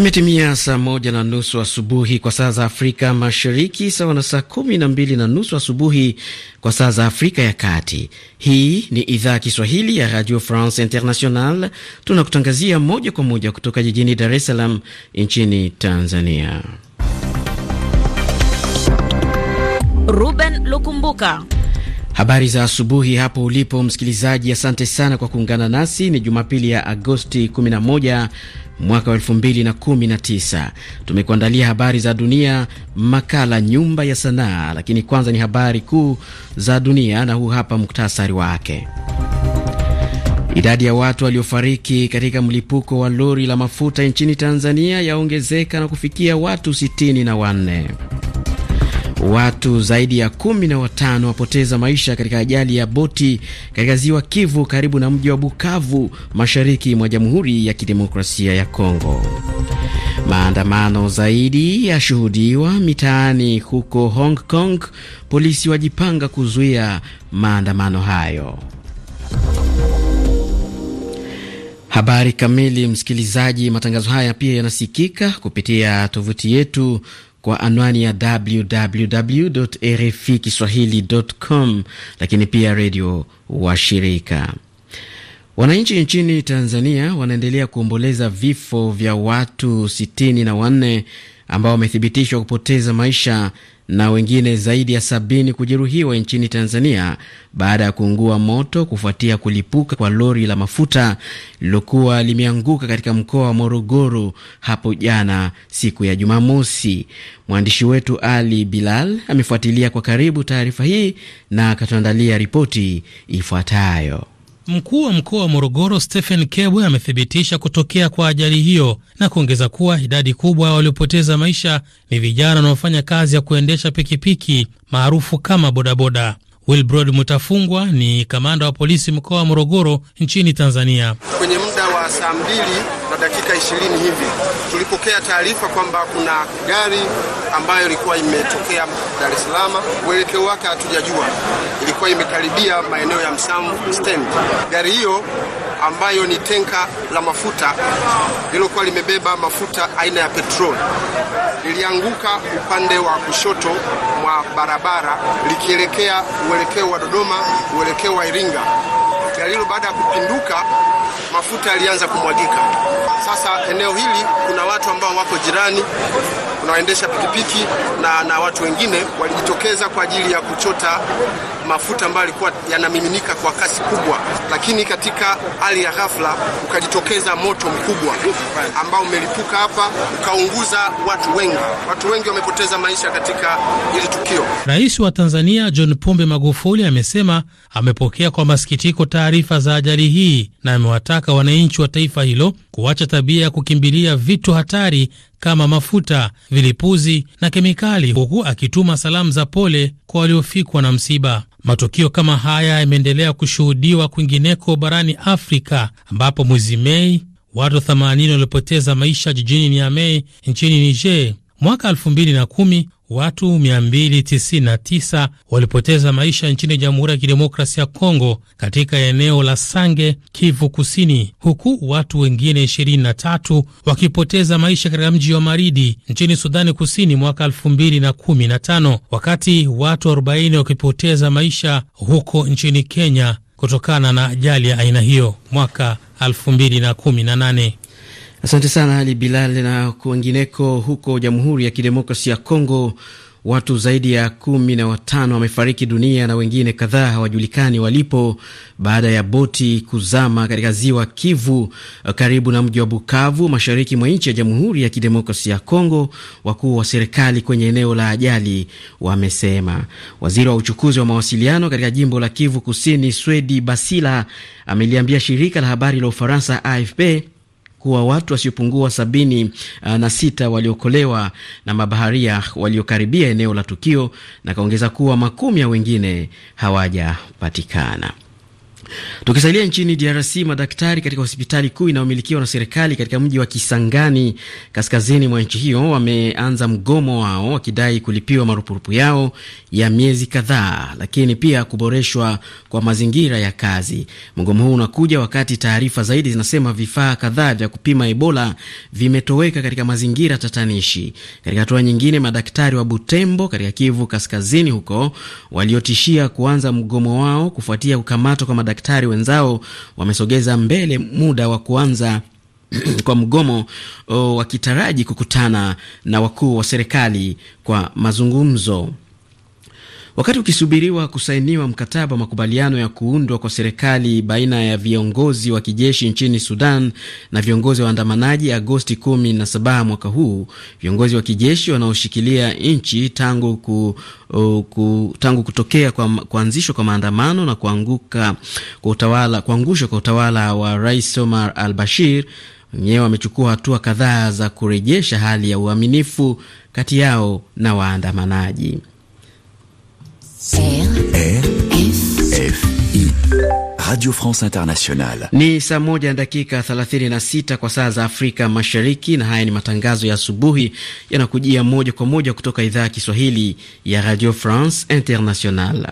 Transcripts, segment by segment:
Imetimia saa moja na nusu asubuhi kwa saa za Afrika Mashariki, sawa na saa kumi na mbili na nusu asubuhi kwa saa za Afrika ya Kati. Hii ni idhaa ya Kiswahili ya Radio France International, tunakutangazia moja kwa moja kutoka jijini Dar es Salaam nchini Tanzania. Ruben Lukumbuka. Habari za asubuhi hapo ulipo msikilizaji, asante sana kwa kuungana nasi. Ni Jumapili ya Agosti 11 mwaka wa 219 Tumekuandalia habari za dunia, makala nyumba ya sanaa, lakini kwanza ni habari kuu za dunia na huu hapa muktasari wake. Idadi ya watu waliofariki katika mlipuko wa lori la mafuta nchini Tanzania yaongezeka na kufikia watu sitini na wanne. Watu zaidi ya kumi na watano wapoteza maisha katika ajali ya boti katika ziwa Kivu karibu na mji wa Bukavu mashariki mwa Jamhuri ya Kidemokrasia ya Kongo. Maandamano zaidi yashuhudiwa mitaani huko Hong Kong, polisi wajipanga kuzuia maandamano hayo. Habari kamili, msikilizaji. Matangazo haya pia yanasikika kupitia tovuti yetu kwa anwani ya www RFI kiswahilicom, lakini pia redio wa shirika Wananchi nchini Tanzania wanaendelea kuomboleza vifo vya watu sitini na wanne ambao wamethibitishwa kupoteza maisha na wengine zaidi ya sabini kujeruhiwa nchini Tanzania baada ya kuungua moto kufuatia kulipuka kwa lori la mafuta lililokuwa limeanguka katika mkoa wa Morogoro hapo jana siku ya Jumamosi. Mwandishi wetu Ali Bilal amefuatilia kwa karibu taarifa hii na akatuandalia ripoti ifuatayo. Mkuu wa mkoa wa Morogoro Stephen Kebwe amethibitisha kutokea kwa ajali hiyo na kuongeza kuwa idadi kubwa waliopoteza maisha ni vijana wanaofanya kazi ya kuendesha pikipiki maarufu kama bodaboda. Wilbrod Mutafungwa ni kamanda wa polisi mkoa wa Morogoro nchini Tanzania. Kwenye muda wa saa mbili na dakika ishirini hivi tulipokea taarifa kwamba kuna gari ambayo ilikuwa imetokea Dar es Salaam, uelekeo wake hatujajua, ilikuwa imekaribia maeneo ya Msamu stendi. Gari hiyo ambayo ni tenka la mafuta lililokuwa limebeba mafuta aina ya petroli lilianguka upande wa kushoto mwa barabara likielekea uelekeo wa Dodoma, uelekeo wa Iringa. Gari hilo baada ya kupinduka, mafuta yalianza kumwagika. Sasa eneo hili kuna watu ambao wako jirani, kuna waendesha pikipiki na, na watu wengine walijitokeza kwa ajili ya kuchota mafuta ambayo yalikuwa yanamiminika kwa kasi kubwa, lakini katika hali ya ghafla ukajitokeza moto mkubwa ambao umelipuka hapa ukaunguza watu wengi. Watu wengi wamepoteza maisha katika hili tukio. Rais wa Tanzania John Pombe Magufuli amesema amepokea kwa masikitiko taarifa za ajali hii na amewataka wananchi wa taifa hilo kuacha tabia ya kukimbilia vitu hatari kama mafuta, vilipuzi na kemikali, huku akituma salamu za pole kwa waliofikwa na msiba. Matukio kama haya yameendelea kushuhudiwa kwingineko barani Afrika, ambapo mwezi Mei watu 80 walipoteza maisha jijini Niamey nchini Niger. Mwaka 2010 watu 299 walipoteza maisha nchini Jamhuri ya Kidemokrasia ya Kongo katika eneo la Sange, Kivu Kusini, huku watu wengine 23 wakipoteza maisha katika mji wa Maridi nchini Sudani Kusini mwaka 2015, wakati watu 40 wakipoteza maisha huko nchini Kenya kutokana na ajali ya aina hiyo mwaka 2018. Asante sana Ali Bilal. Na kuwengineko huko Jamhuri ya Kidemokrasi ya Kongo, watu zaidi ya kumi na watano wamefariki dunia na wengine kadhaa hawajulikani walipo baada ya boti kuzama katika ziwa Kivu karibu na mji wa Bukavu, mashariki mwa nchi ya Jamhuri ya Kidemokrasi ya Kongo, wakuu wa serikali kwenye eneo la ajali wamesema. Waziri wa uchukuzi wa mawasiliano katika jimbo la Kivu Kusini, Swedi Basila, ameliambia shirika la habari la Ufaransa AFP kuwa watu wasiopungua sabini uh, na sita waliokolewa na mabaharia waliokaribia eneo la tukio, na kaongeza kuwa makumi ya wengine hawajapatikana. Tukisalia nchini DRC, madaktari katika hospitali kuu inayomilikiwa na serikali katika mji wa Kisangani kaskazini mwa nchi hiyo wameanza mgomo wao wakidai kulipiwa marupurupu yao ya miezi kadhaa, lakini pia kuboreshwa kwa mazingira ya kazi. Mgomo huu unakuja wakati taarifa zaidi zinasema vifaa kadhaa vya kupima Ebola vimetoweka katika mazingira tatanishi. Katika hatua nyingine, madaktari wa Butembo katika Kivu kaskazini huko waliotishia kuanza mgomo wao kufuatia kukamatwa kwa madaktari madaktari wenzao wamesogeza mbele muda wa kuanza kwa mgomo o, oh, wakitaraji kukutana na wakuu wa serikali kwa mazungumzo. Wakati ukisubiriwa kusainiwa mkataba wa makubaliano ya kuundwa kwa serikali baina ya viongozi wa kijeshi nchini Sudan na viongozi wa waandamanaji Agosti 17 mwaka huu, viongozi wa kijeshi wanaoshikilia nchi tangu, ku, uh, ku, tangu kutokea kwa kuanzishwa kwa maandamano na kuanguka kwa utawala, kuangushwa kwa utawala wa Rais Omar al-Bashir wenyewe wamechukua hatua kadhaa za kurejesha hali ya uaminifu kati yao na waandamanaji. RFI Radio France Internationale. Ni saa moja na dakika 36 kwa saa za Afrika Mashariki, na haya ni matangazo ya asubuhi yanakujia moja kwa moja kutoka idhaa ya Kiswahili ya Radio France International.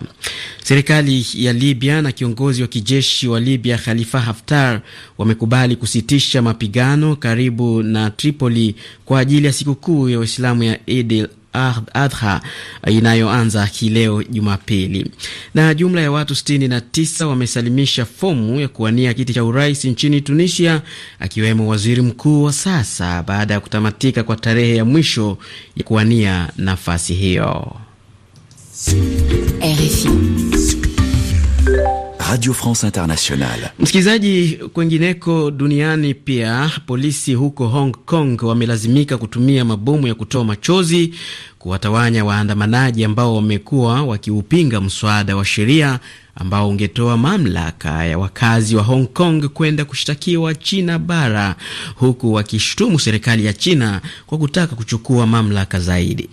Serikali ya Libya na kiongozi wa kijeshi wa Libya Khalifa Haftar wamekubali kusitisha mapigano karibu na Tripoli kwa ajili ya sikukuu ya Waislamu ya Eid Adha eh, inayoanza kileo Jumapili. Na jumla ya watu 69 wamesalimisha fomu ya kuwania kiti cha urais nchini Tunisia, akiwemo waziri mkuu wa sasa, baada ya kutamatika kwa tarehe ya mwisho ya kuwania nafasi hiyo. RFI. Radio France Internationale. Msikilizaji, kwingineko duniani pia polisi huko Hong Kong wamelazimika kutumia mabomu ya kutoa machozi kuwatawanya waandamanaji ambao wamekuwa wakiupinga mswada wa sheria ambao ungetoa mamlaka ya wakazi wa Hong Kong kwenda kushtakiwa China bara, huku wakishutumu serikali ya China kwa kutaka kuchukua mamlaka zaidi.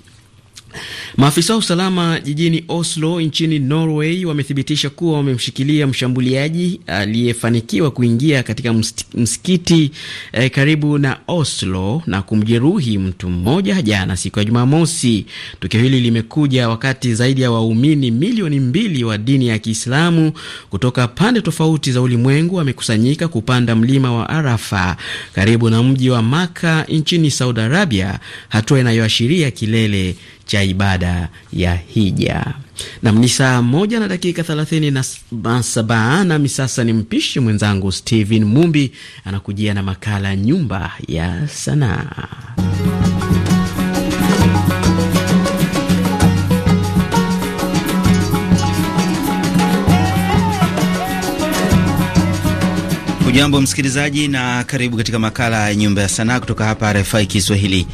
Maafisa wa usalama jijini Oslo nchini Norway wamethibitisha kuwa wamemshikilia mshambuliaji aliyefanikiwa kuingia katika msikiti eh, karibu na Oslo na kumjeruhi mtu mmoja jana siku ya Jumamosi. Tukio hili limekuja wakati zaidi ya waumini milioni mbili wa dini ya Kiislamu kutoka pande tofauti za ulimwengu wamekusanyika kupanda mlima wa Arafa karibu na mji wa Maka nchini Saudi Arabia, hatua inayoashiria kilele cha ibada ya hija. Nam ni saa moja na dakika thelathini na saba nami sasa ni mpishi mwenzangu Steven Mumbi anakujia na makala nyumba ya sanaa. Ujambo msikilizaji, na karibu katika makala ya Nyumba ya Sanaa kutoka hapa RFI Kiswahili.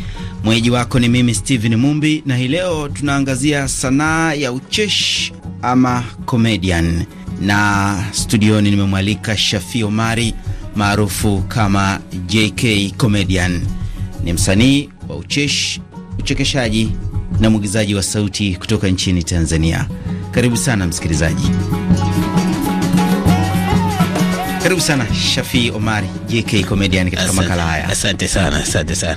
Mwenyeji wako ni mimi Steven Mumbi, na hii leo tunaangazia sanaa ya ucheshi ama comedian, na studioni nimemwalika Shafi Omari maarufu kama JK Comedian. Ni msanii wa ucheshi, uchekeshaji na mwigizaji wa sauti kutoka nchini Tanzania. Karibu sana msikilizaji. Karibu sana shafi Omari JK comedian katika makala haya. Asante sana, asante sana.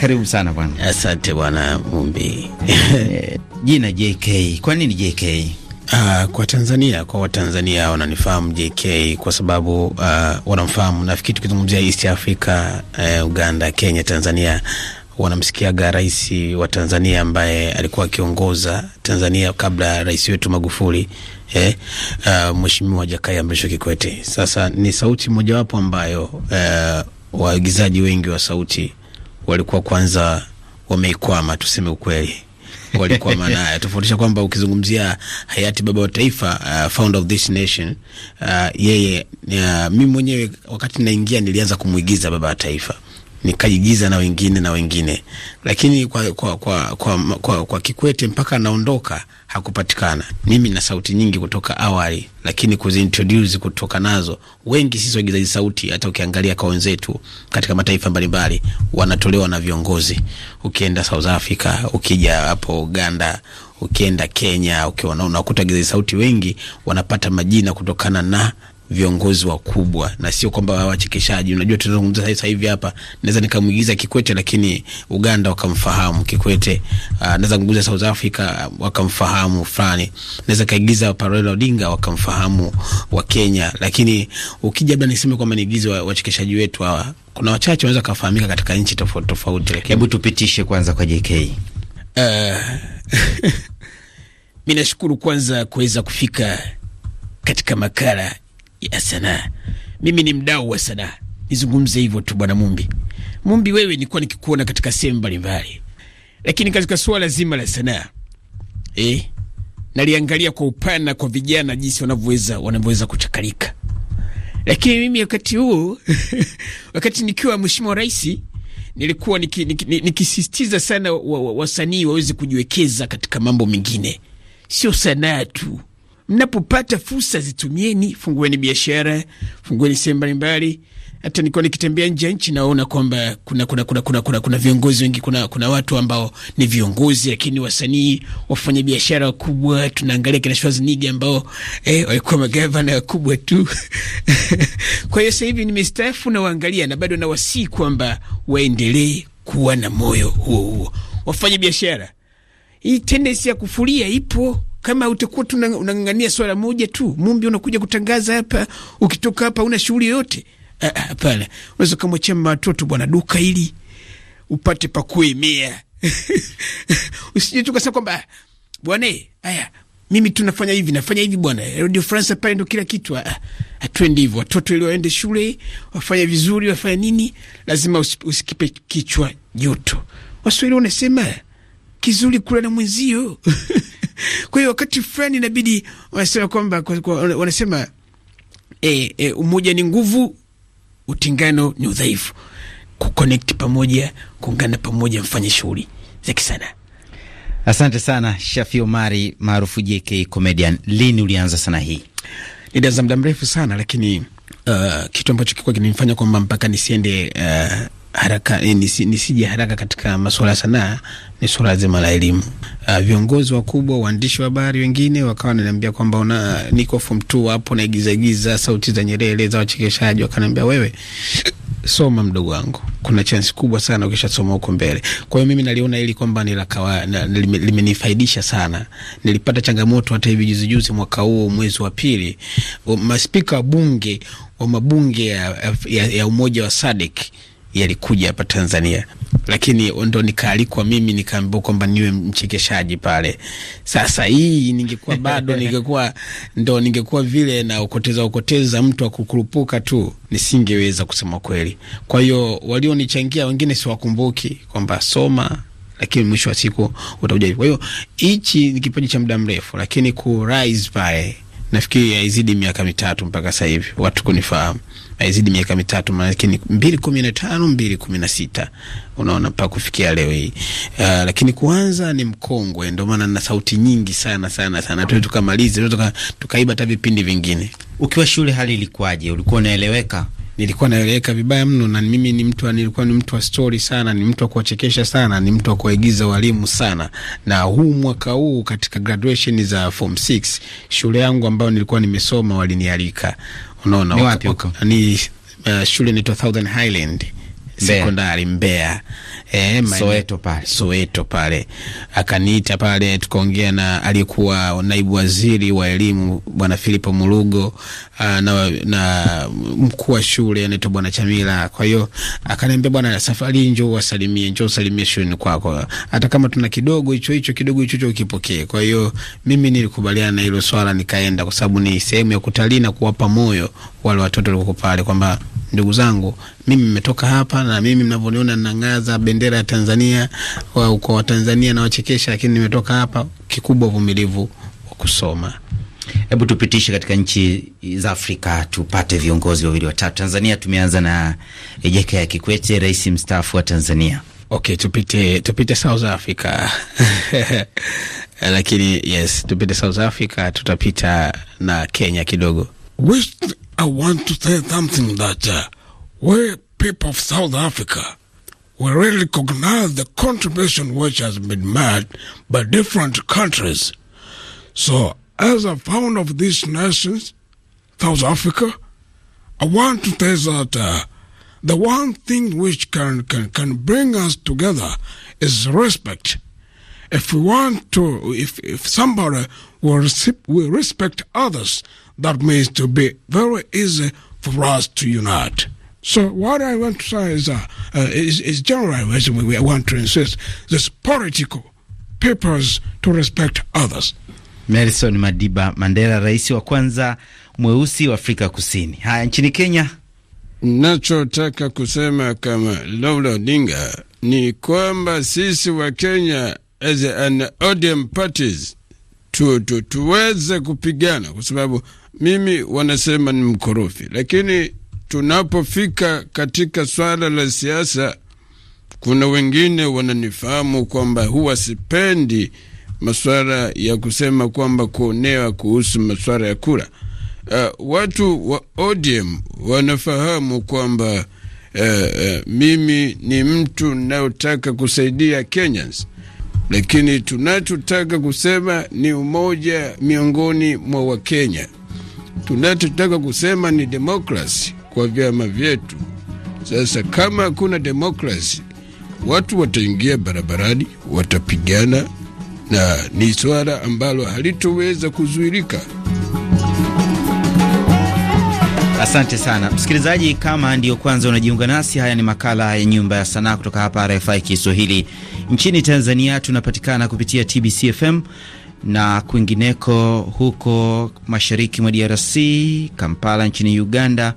Karibu sana bwana. Asante bwana Mumbi. Eh, jina JK, kwa nini JK? Uh, ah, kwa Tanzania, kwa Watanzania wananifahamu JK kwa sababu uh, wanamfahamu nafikiri, tukizungumzia East Africa, uh, Uganda, Kenya, Tanzania wanamsikiaga rais wa Tanzania ambaye alikuwa akiongoza Tanzania kabla ya rais wetu Magufuli eh, uh, Mheshimiwa Jakaya Mrisho Kikwete. Sasa ni sauti mojawapo ambayo uh, waigizaji wengi wa sauti walikuwa kwanza wameikwama, tuseme ukweli walikuwa maana tofautisha kwamba ukizungumzia hayati baba wa taifa uh, founder of this nation uh, yeye uh, mimi mwenyewe wakati naingia nilianza kumwigiza baba wa taifa nikaigiza na wengine na wengine, lakini kwa, kwa, kwa, kwa, kwa, kwa Kikwete mpaka anaondoka hakupatikana. Mimi na sauti nyingi kutoka awali, lakini kuzintroduce kutoka nazo, wengi sisi waigizaji sauti, hata ukiangalia kwa wenzetu katika mataifa mbalimbali wanatolewa na viongozi. Ukienda South Africa, ukija hapo Uganda, ukienda Kenya, ukiona unakuta waigizaji sauti wengi wanapata majina kutokana na viongozi wakubwa na sio kwamba wachekeshaji. Unajua, tunazungumza sasa hivi hapa, naweza nikamuigiza Kikwete lakini Uganda wakamfahamu Kikwete. Uh, naweza kumguza South Africa ah, wakamfahamu fulani, naweza kaigiza Raila Odinga wakamfahamu wa Kenya, lakini ukija labda niseme kwamba niigize wachekeshaji wetu hawa, kuna wachache wanaweza kafahamika katika nchi tofauti tofauti. Lakini hebu tupitishe kwanza kwa JK ah, uh, mi nashukuru kwanza kuweza kufika katika makala ya sanaa. Mimi ni mdau wa sanaa, nizungumze hivyo tu. Bwana Mumbi, Mumbi, wewe nilikuwa nikikuona katika sehemu mbalimbali, lakini katika suala zima la sanaa eh, naliangalia kwa upana kwa vijana jinsi wanavyoweza wanavyoweza kuchakalika. Lakini mimi wakati huo wakati nikiwa mheshimiwa rais nilikuwa nikisisitiza niki, niki sana wasanii wa, wa, wa waweze kujiwekeza katika mambo mengine, sio sanaa tu Mnapopata fursa zitumieni, fungueni biashara, fungueni sehemu mbalimbali. Hata nilikuwa nikitembea nje ya nchi naona kwamba kuna, kuna, kuna, kuna, kuna, kuna viongozi wengi, kuna, kuna watu ambao ni viongozi lakini wasanii, wafanya biashara wakubwa. Tunaangalia kina Shwazi Schwarzenegger ambao eh, walikuwa magavana wakubwa tu kwa hiyo sasa hivi nimestaafu, nawaangalia na bado nawasii kwamba waendelee kuwa na moyo huo huo, wafanye biashara. Hii tendensi ya kufuria ipo kama utakuwa tu unang'ang'ania swala moja tu, Mumbi unakuja kutangaza hapa, ukitoka hapa una shughuli yoyote eh, eh, hapana. Unaweza ukamwachia mama watoto bwana, duka hili upate pakuemea. usije tu kasema kwamba bwana, haya mimi tunafanya hivi nafanya hivi bwana, Radio France pale ndo kila kitu. Atwendi ah, ah, hivyo, watoto ili waende shule wafanye vizuri wafanye nini, lazima us, usikipe kichwa joto. Waswahili wanasema kizuri kula na mwenzio Kwa hiyo wakati fulani inabidi wanasema kwamba kwa, kwa, wanasema e, e, umoja ni nguvu, utingano ni udhaifu. Kuconnect pamoja, kuungana pamoja, mfanye shughuli za kisanaa. Asante sana Shafi Omari maarufu JK Comedian. Lini ulianza sana hii? Ni mda muda mrefu sana, lakini uh, kitu ambacho kilikuwa kinanifanya kwamba mpaka nisiende uh, haraka eh, nisi, nisije haraka katika masuala ya sanaa, ni suala zima la elimu. Uh, viongozi wakubwa, waandishi wa habari wengine wakawa wananiambia kwamba una niko form two hapo naigizagiza sauti za Nyerere za wachekeshaji, wakaniambia wewe soma mdogo wangu, kuna chansi kubwa sana ukisha soma huko mbele. Kwa hiyo mimi naliona ili kwamba ni lakawa limenifaidisha sana. Nilipata changamoto hata hivi juzi juzi, mwaka huu mwezi wa pili, maspika wa bunge wa mabunge ya, ya, ya umoja wa Sadek yalikuja hapa Tanzania, lakini ndo nikaalikwa mimi, nikaambiwa kwamba niwe mchekeshaji pale. Sasa hii ningekuwa bado ningekuwa ndo ningekuwa vile na ukoteza ukoteza mtu akukurupuka tu, nisingeweza kusema kweli. Kwa hiyo walionichangia wengine siwakumbuki kwamba soma lakini mwisho wa siku utakuja. Kwa hiyo hichi ni kipaji cha muda mrefu, lakini ku rise pale nafikiri aizidi miaka mitatu mpaka sasa hivi watu kunifahamu haizidi eh, miaka mitatu, maanake ni mbili kumi na tano mbili kumi na sita unaona, mpaka kufikia leo hii uh, lakini kwanza ni mkongwe, ndio maana na sauti nyingi sana sana sana, tuwe tukamalize tuka, tukaiba hata vipindi vingine. Ukiwa shule hali ilikuwaje? Ulikuwa unaeleweka? Nilikuwa naeleweka vibaya mno, na mimi ni mtu nilikuwa ni mtu wa stori sana, ni mtu wa kuwachekesha sana, ni mtu wa kuwaigiza walimu sana. Na huu mwaka huu katika graduation za form 6 shule yangu ambayo nilikuwa nimesoma walinialika Unaona ni wapi huko? Ni uh, shule inaitwa Southern Highland Sekondari Mbeya eh, Soweto pale, Soweto pale akaniita pale, tukaongea na aliyekuwa naibu waziri wa elimu bwana Filipo Mulugo ah, na, na mkuu wa shule anaitwa bwana Chamila. Kwa hiyo akaniambia, bwana safari, njoo wasalimie, njoo usalimie shuleni kwako, hata kama tuna kidogo hicho hicho kidogo hicho ukipokee. Kwa hiyo mimi nilikubaliana na hilo swala, nikaenda kwa sababu ni sehemu ya kutalii na kuwapa moyo wale watoto walioko pale kwamba ndugu zangu, mimi nimetoka hapa na mimi mnavyoniona nangaza bendera ya Tanzania uko kwa Tanzania na wachekesha, lakini nimetoka hapa. Kikubwa uvumilivu wa kusoma. Hebu tupitishe katika nchi za Afrika tupate viongozi wawili watatu. Tanzania tumeanza na Jakaya Kikwete, rais mstaafu wa Tanzania. Okay, tupite tupite South Africa lakini yes, tupite South Africa, tutapita na Kenya kidogo I want to say something that uh, we people of South Africa, we really recognize the contribution which has been made by different countries. So, as a founder of these nations, South Africa, I want to say that uh, the one thing which can, can, can bring us together is respect. If we want to, if, if somebody will, will respect others, that means to be very easy for us to unite. So what I want to say is, uh, uh, is, is general reason we want to insist this political purpose to respect others. Nelson Madiba Mandela, rais wa kwanza mweusi wa Afrika Kusini. Haya, nchini Kenya, nachotaka kusema kama Laura Odinga ni kwamba sisi wa Kenya as an odium parties tu, tu, tuweze kupigana, kwa sababu mimi wanasema ni mkorofi, lakini tunapofika katika swala la siasa, kuna wengine wananifahamu kwamba huwa sipendi maswala ya kusema kwamba kuonewa kuhusu maswala ya kura. Uh, watu wa ODM wanafahamu kwamba uh, uh, mimi ni mtu nayotaka kusaidia Kenyans lakini tunachotaka kusema ni umoja miongoni mwa Wakenya. Tunachotaka kusema ni demokrasi kwa vyama vyetu. Sasa kama hakuna demokrasi, watu wataingia barabarani, watapigana, na ni swala ambalo halitoweza kuzuirika Asante sana msikilizaji, kama ndiyo kwanza unajiunga nasi, haya ni makala ya Nyumba ya Sanaa kutoka hapa RFI Kiswahili. Nchini Tanzania tunapatikana kupitia TBC FM na kwingineko huko mashariki mwa DRC, Kampala nchini Uganda,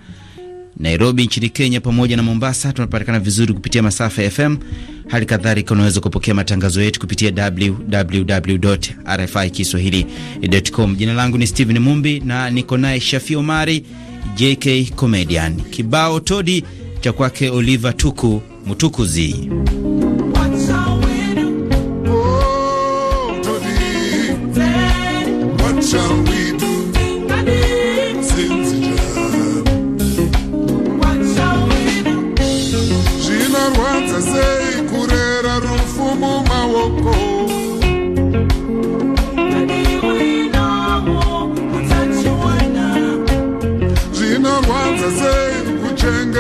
Nairobi nchini Kenya pamoja na Mombasa tunapatikana vizuri kupitia masafa ya FM. Hali kadhalika unaweza kupokea matangazo yetu kupitia www.rfikiswahili.com. Jina langu ni Steven Mumbi na niko naye Shafi Omari JK Comedian. Kibao todi cha kwake Oliver Tuku Mutukuzi.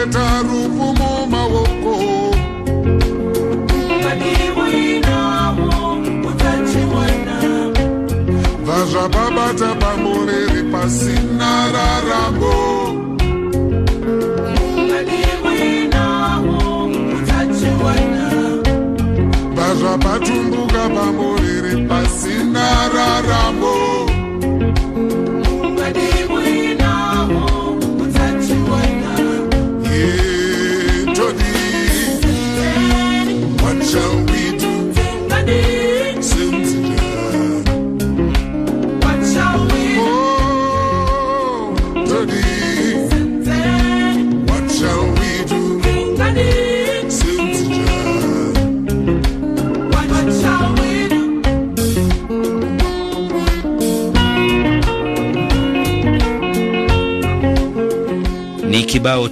kuchengeta rufu mumaoko vazvababata pamuriri pasina rarango vazvapatumbuka pamuriri pasina rarango Vaja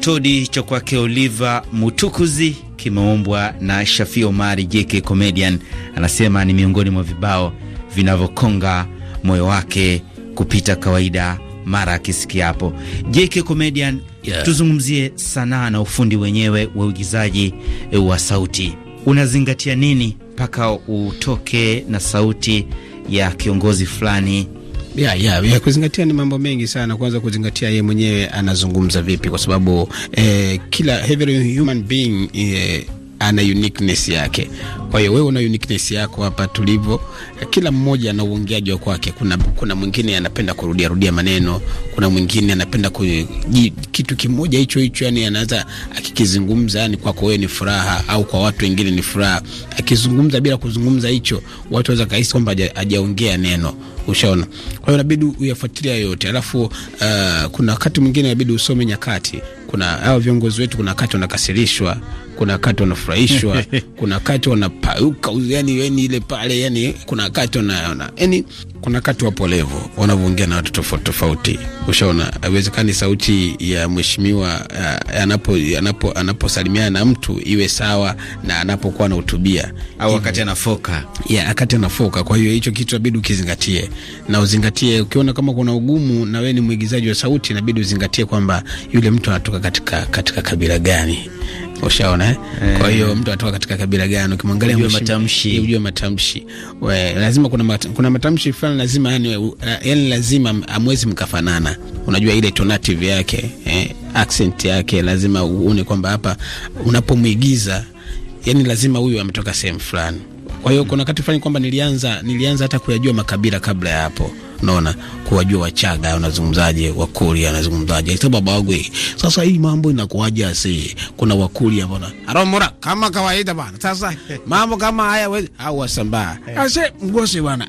Utodi cha kwake olive Mutukuzi kimeombwa na Shafi Omari JK Comedian, anasema ni miongoni mwa vibao vinavyokonga moyo wake kupita kawaida mara akisikia hapo. JK Comedian, yeah. Tuzungumzie sanaa na ufundi wenyewe wa uigizaji e, wa sauti. Unazingatia nini mpaka utoke na sauti ya kiongozi fulani ya, ya, yeah, kuzingatia ni mambo mengi sana. Kwanza kuzingatia yeye mwenyewe anazungumza vipi, kwa sababu eh, kila every human being eh, ana uniqueness yake. Kwa hiyo wewe una uniqueness yako hapa tulivyo. Kila mmoja ana uongeaji wa kwake. Kuna, kuna mwingine anapenda kurudia rudia maneno, kuna mwingine anapenda kitu kimoja hicho hicho, yani anaanza akikizungumza, yani kwako wewe ni furaha au kwa watu wengine ni furaha. Akizungumza bila kuzungumza hicho, watu waweza kahisi kwamba hajaongea neno. Ushaona? Kwa hiyo inabidi uyafuatilia yote. Alafu uh, kuna wakati mwingine inabidi usome nyakati. Kuna hao viongozi wetu, kuna wakati wanakasirishwa kuna wakati wanafurahishwa kuna wakati wanapauka, yani, yani ile pale yani, kuna wakati wanaona yani, kuna wakati wapo levo, wanavyoongea na watu tofauti tofauti. Ushaona, haiwezekani sauti ya mheshimiwa uh, anapo anapo anaposalimiana na mtu iwe sawa na anapokuwa anahutubia au wakati anafoka, yeah, wakati anafoka. Kwa hiyo hicho kitu inabidi ukizingatie na uzingatie, ukiona kama kuna ugumu na wewe ni mwigizaji wa sauti, inabidi uzingatie kwamba yule mtu anatoka katika katika kabila gani Ushaona eh? eh? Kwa hiyo mtu atoka katika kabila gani, ukimwangalia ujue matamshi, ujue matamshi. We, lazima kuna mat, kuna matamshi fulani lazima yani, yani lazima amwezi mkafanana. Unajua ile tonative yake eh, accent yake lazima uone kwamba hapa unapomwigiza yani lazima huyu ametoka sehemu fulani. Kwa hiyo kuna wakati fulani kwamba nilianza nilianza hata kuyajua makabila kabla ya hapo naona kuwajua Wachaga wanazungumzaje, Wakuria wanazungumzaje, Bagwe. Sasa hii mambo inakuwaje? Asi kuna Wakuria bwana aromora kama kawaida bwana. Sasa mambo kama haya we au Wasambaa ase mgosi bwana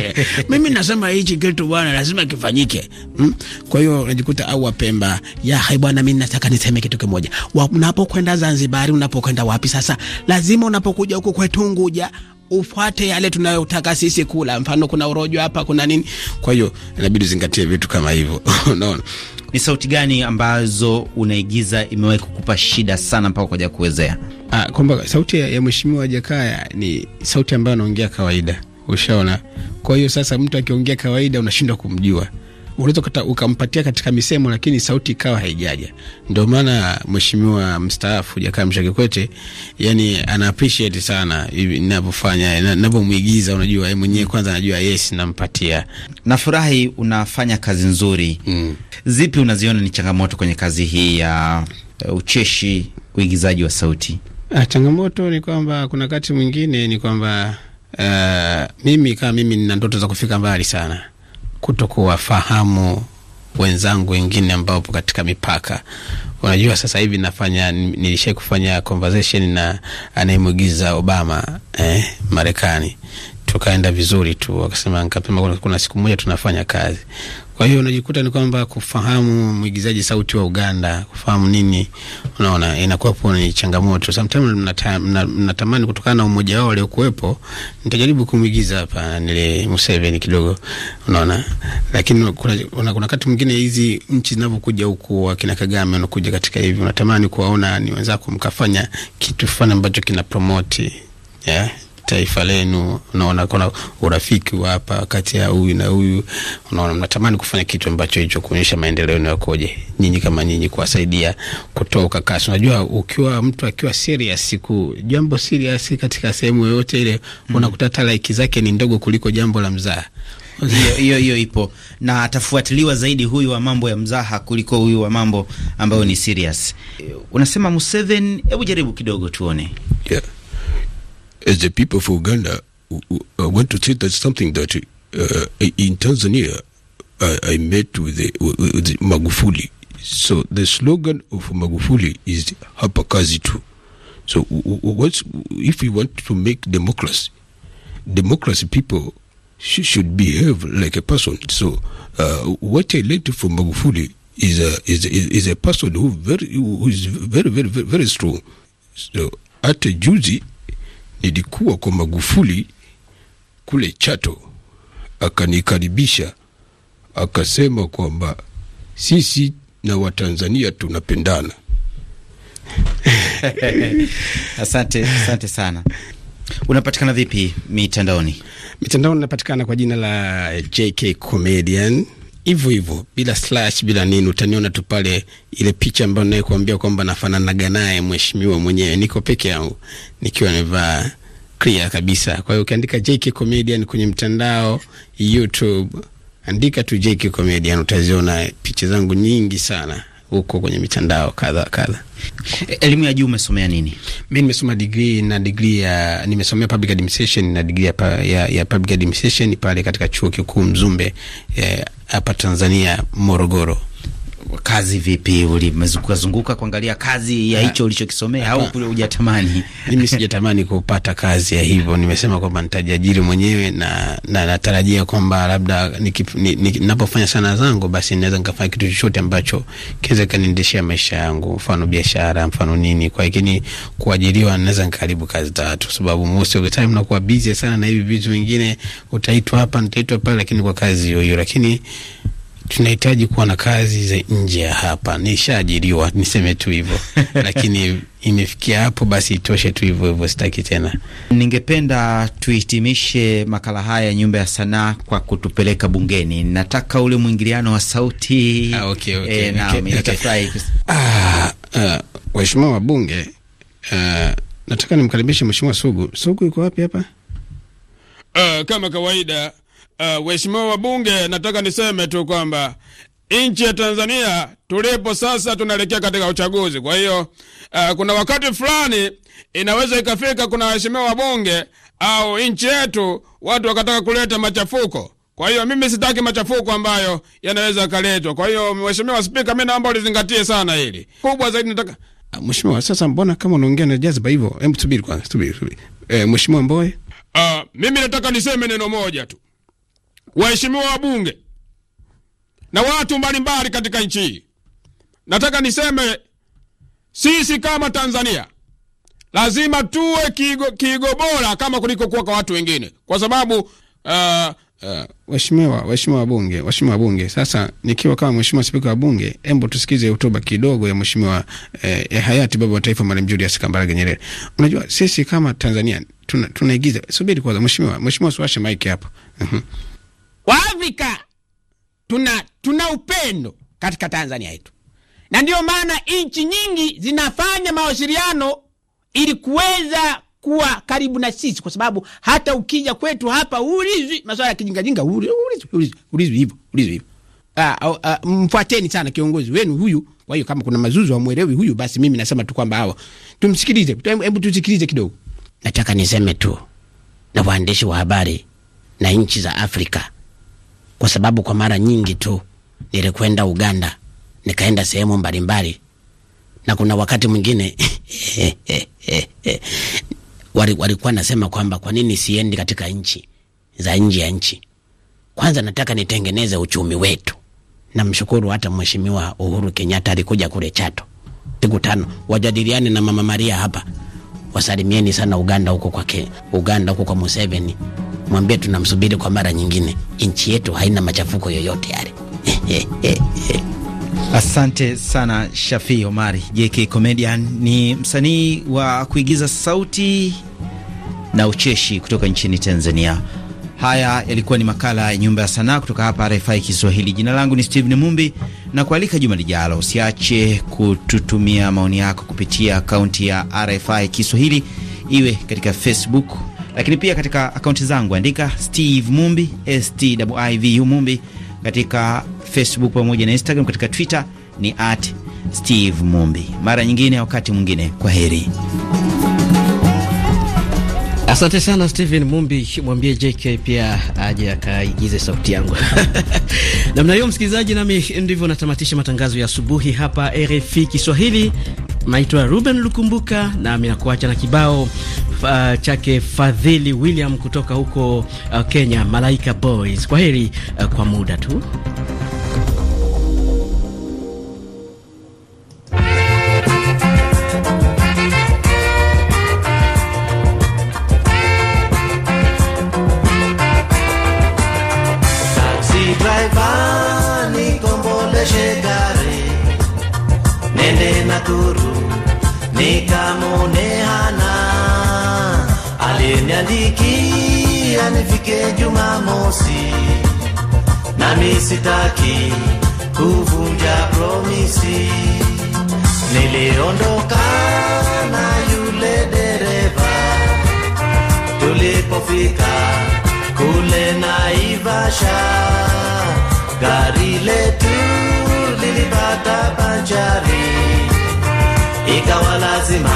mimi nasema hichi kitu bwana lazima kifanyike hmm? Kwa hiyo unajikuta au Wapemba ya hai bwana, mimi nataka niseme kitu kimoja. Unapokwenda Zanzibari, unapokwenda wapi sasa, lazima unapokuja huku kwetu Unguja ufuate yale tunayotaka sisi kula. Mfano kuna urojo hapa, kuna nini. Kwa hiyo inabidi uzingatie vitu kama hivyo unaona. Ni sauti gani ambazo unaigiza imewahi kukupa shida sana mpaka kuja kuwezea? Ah, kwamba sauti ya, ya mheshimiwa Jakaya ni sauti ambayo anaongea kawaida, ushaona. Kwa hiyo sasa mtu akiongea kawaida unashindwa kumjua unaweza ukampatia katika misemo, lakini sauti ikawa haijaja. Ndio maana mheshimiwa mstaafu Jakaya Mrisho Kikwete, yani ana appreciate sana ninavyofanya ninavyomwigiza. Unajua yeye mwenyewe kwanza anajua yes, nampatia. Nafurahi unafanya kazi nzuri mm. Zipi unaziona ni changamoto kwenye kazi hii ya uh, ucheshi, uigizaji wa sauti? Ah, changamoto ni kwamba kuna wakati mwingine ni kwamba uh, mimi kama mimi nina ndoto za kufika mbali sana kuto kuwafahamu wenzangu wengine ambao po katika mipaka. Unajua, sasa hivi nafanya nilishai kufanya conversation na anayemwigiza Obama eh, Marekani tukaenda vizuri tu, wakasema nikapema, kuna siku moja tunafanya kazi. Kwa hiyo unajikuta ni kwamba kufahamu mwigizaji sauti wa Uganda, kufahamu nini, unaona inakuwapo ni changamoto. Sometimes mnatamani kutokana na umoja wao waliokuwepo, nitajaribu kumwigiza hapa nile Museveni kidogo, unaona. Lakini kuna wakati mwingine hizi nchi zinavyokuja huku, wakina Kagame wanakuja katika hivi, unatamani kuwaona ni wenzako mkafanya kitu fulani ambacho kina promoti yeah, taifa lenu, unaona kuna urafiki wa hapa kati ya huyu na huyu, unaona mnatamani kufanya kitu ambacho hicho kuonyesha maendeleo ni yakoje, nyinyi kama nyinyi kuwasaidia kutoka kasi. Unajua, ukiwa mtu akiwa serious siku jambo serious katika sehemu yoyote ile, mm -hmm. unakuta laiki zake ni ndogo kuliko jambo la mzaha hiyo hiyo ipo na atafuatiliwa zaidi huyu wa mambo ya mzaha kuliko huyu wa mambo ambayo ni serious. Unasema Museveni, hebu jaribu kidogo tuone. Yeah. as the people of Uganda want to say that's something that uh, in Tanzania I, I met with, the, with Magufuli. So the slogan of Magufuli is "hapakazi kazi tu. So what's, if we want to make democracy, democracy people sh- should behave like a person. So uh, what I learned from Magufuli is a is a, is a person who very who is very very very, very strong. So at Juzi, nilikuwa kwa Magufuli kule Chato, akanikaribisha akasema kwamba sisi na Watanzania tunapendana. Asante, asante sana. Unapatikana vipi mitandaoni? Mitandaoni napatikana kwa jina la JK Comedian hivyo hivyo bila slash bila nini, utaniona tu pale ile picha ambayo ninayokuambia kwamba nafananaga naye mheshimiwa mwenyewe, niko peke yangu nikiwa nimevaa clear kabisa. Kwa hiyo ukiandika JK Comedian kwenye mtandao YouTube, andika tu JK Comedian, utaziona picha zangu nyingi sana huko kwenye mitandao kadha kadha. Elimu ya juu umesomea nini? Mimi nimesoma degree na degree ya nimesomea public administration na degree ya, ya, ya public administration pale katika chuo kikuu Mzumbe eh, hapa eh, Tanzania Morogoro kazi vipi? Ulimezunguka zunguka kuangalia kazi ya hicho ulichokisomea au kule hujatamani? Mimi sijatamani kupata kazi ya hivyo, nimesema kwamba nitajiajiri mwenyewe na, na natarajia kwamba labda ninapofanya sana zangu, basi naweza nikafanya kitu chochote ambacho kiweza kaniendeshea maisha yangu, mfano biashara, mfano nini. Kwa lakini kuajiriwa, naweza nikaribu kazi tatu, sababu most of the time nakuwa busy sana na hivi vitu vingine, utaitwa hapa, nitaitwa pale, lakini kwa kazi hiyo hiyo lakini tunahitaji kuwa na kazi za nje ya hapa. Nishaajiriwa, niseme tu hivyo lakini imefikia hapo, basi itoshe tu hivyo hivyo, sitaki tena. Ningependa tuhitimishe makala haya ya Nyumba ya Sanaa kwa kutupeleka bungeni. Nataka ule mwingiliano wa sauti. Ah, okay, okay, e, okay, okay, okay. Ah, ah, waheshimiwa wabunge, ah, nataka nimkaribishe mheshimiwa Sugu. Sugu yuko wapi hapa? Ah, kama kawaida Eh, waheshimiwa uh, wabunge, nataka niseme tu kwamba nchi ya Tanzania tulipo sasa tunaelekea katika uchaguzi. Kwa hiyo uh, kuna wakati fulani inaweza ikafika, kuna waheshimiwa wabunge au nchi yetu watu wakataka kuleta machafuko. Kwa hiyo mimi sitaki machafuko ambayo yanaweza kaletwa. Kwa hiyo mheshimiwa Spika, mi naomba ulizingatie sana hili kubwa zaidi. Nataka ah, mheshimiwa, sasa mbona kama unaongea na jaziba hivyo? Hebu subiri kwanza, subiri subiri. E, mheshimiwa Mbowe, uh, mimi nataka niseme neno moja tu waheshimiwa wabunge na watu mbalimbali katika nchi hii, nataka niseme sisi kama Tanzania lazima tuwe kiigo, kiigo bora kama kuliko kuwa kwa watu wengine, kwa sababu uh, Uh, waheshimiwa waheshimiwa wabunge waheshimiwa wabunge, sasa nikiwa kama mweshimiwa spika wa bunge, embo tusikize hotuba kidogo ya mweshimiwa eh, eh, hayati baba wa taifa Mwalimu Julius Kambarage Nyerere. Unajua sisi kama Tanzania tunaigiza tuna, subiri kwanza, mweshimiwa mweshimiwa siwashe maiki hapo mhm. Waafrika tuna, tuna upendo katika Tanzania yetu, na ndiyo maana nchi nyingi zinafanya mawasiriano ili kuweza kuwa karibu na sisi, kwa sababu hata ukija kwetu hapa uulizwi maswala ya kijingajinga, Mfuateni sana kiongozi wenu huyu. Kwa hiyo kama kuna mazuzu hamwelewi huyu, basi mimi nasema tu kwamba hawa tumsikilize. Hebu tusikilize kidogo. Nataka niseme tu na waandishi wa habari na nchi za Afrika kwa sababu kwa mara nyingi tu nilikwenda Uganda, nikaenda sehemu mbalimbali, na kuna wakati mwingine walikuwa nasema kwamba kwa nini siendi katika nchi za nje ya nchi. Kwanza nataka nitengeneze uchumi wetu. Namshukuru hata Mheshimiwa Uhuru Kenyatta alikuja kule Chato siku tano, wajadiliane na Mama Maria hapa, wasalimieni sana Uganda huko kwake, Uganda huko kwa Museveni mwambie tunamsubiri kwa mara nyingine. Nchi yetu haina machafuko yoyote yale. Asante sana Shafi Omari. JK Comedian ni msanii wa kuigiza sauti na ucheshi kutoka nchini Tanzania. Haya yalikuwa ni makala ya Nyumba ya Sanaa kutoka hapa RFI Kiswahili. Jina langu ni Steven Mumbi na kualika juma lijalo. Usiache kututumia maoni yako kupitia akaunti ya RFI Kiswahili, iwe katika Facebook lakini pia katika akaunti zangu andika Steve Mumbi Stivu Mumbi katika Facebook pamoja na Instagram. Katika Twitter ni at Steve Mumbi. Mara nyingine, wakati mwingine, kwa heri. Asante sana Stephen Mumbi, mwambie JK pia aje akaigize sauti yangu namna hiyo. Msikilizaji, nami ndivyo natamatisha matangazo ya asubuhi hapa RFI Kiswahili. Naitwa Ruben Lukumbuka, nami nakuacha na kibao uh, chake Fadhili William kutoka huko uh, Kenya, Malaika Boys. Kwa heri uh, kwa muda tu. anifike juma Jumamosi, nami sitaki kuvunja promisi. Niliondoka na yule dereva tulipofika kule Naivasha, gari letu lilipata banjari, ikawa lazima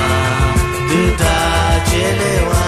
tutachelewa.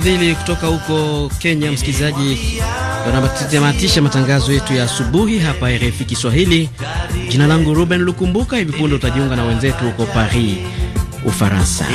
wafadhili kutoka huko Kenya. Msikilizaji, anatamatisha matangazo yetu ya asubuhi hapa RFI Kiswahili. Jina langu Ruben Lukumbuka, hivi punde utajiunga na wenzetu huko Paris, Ufaransa.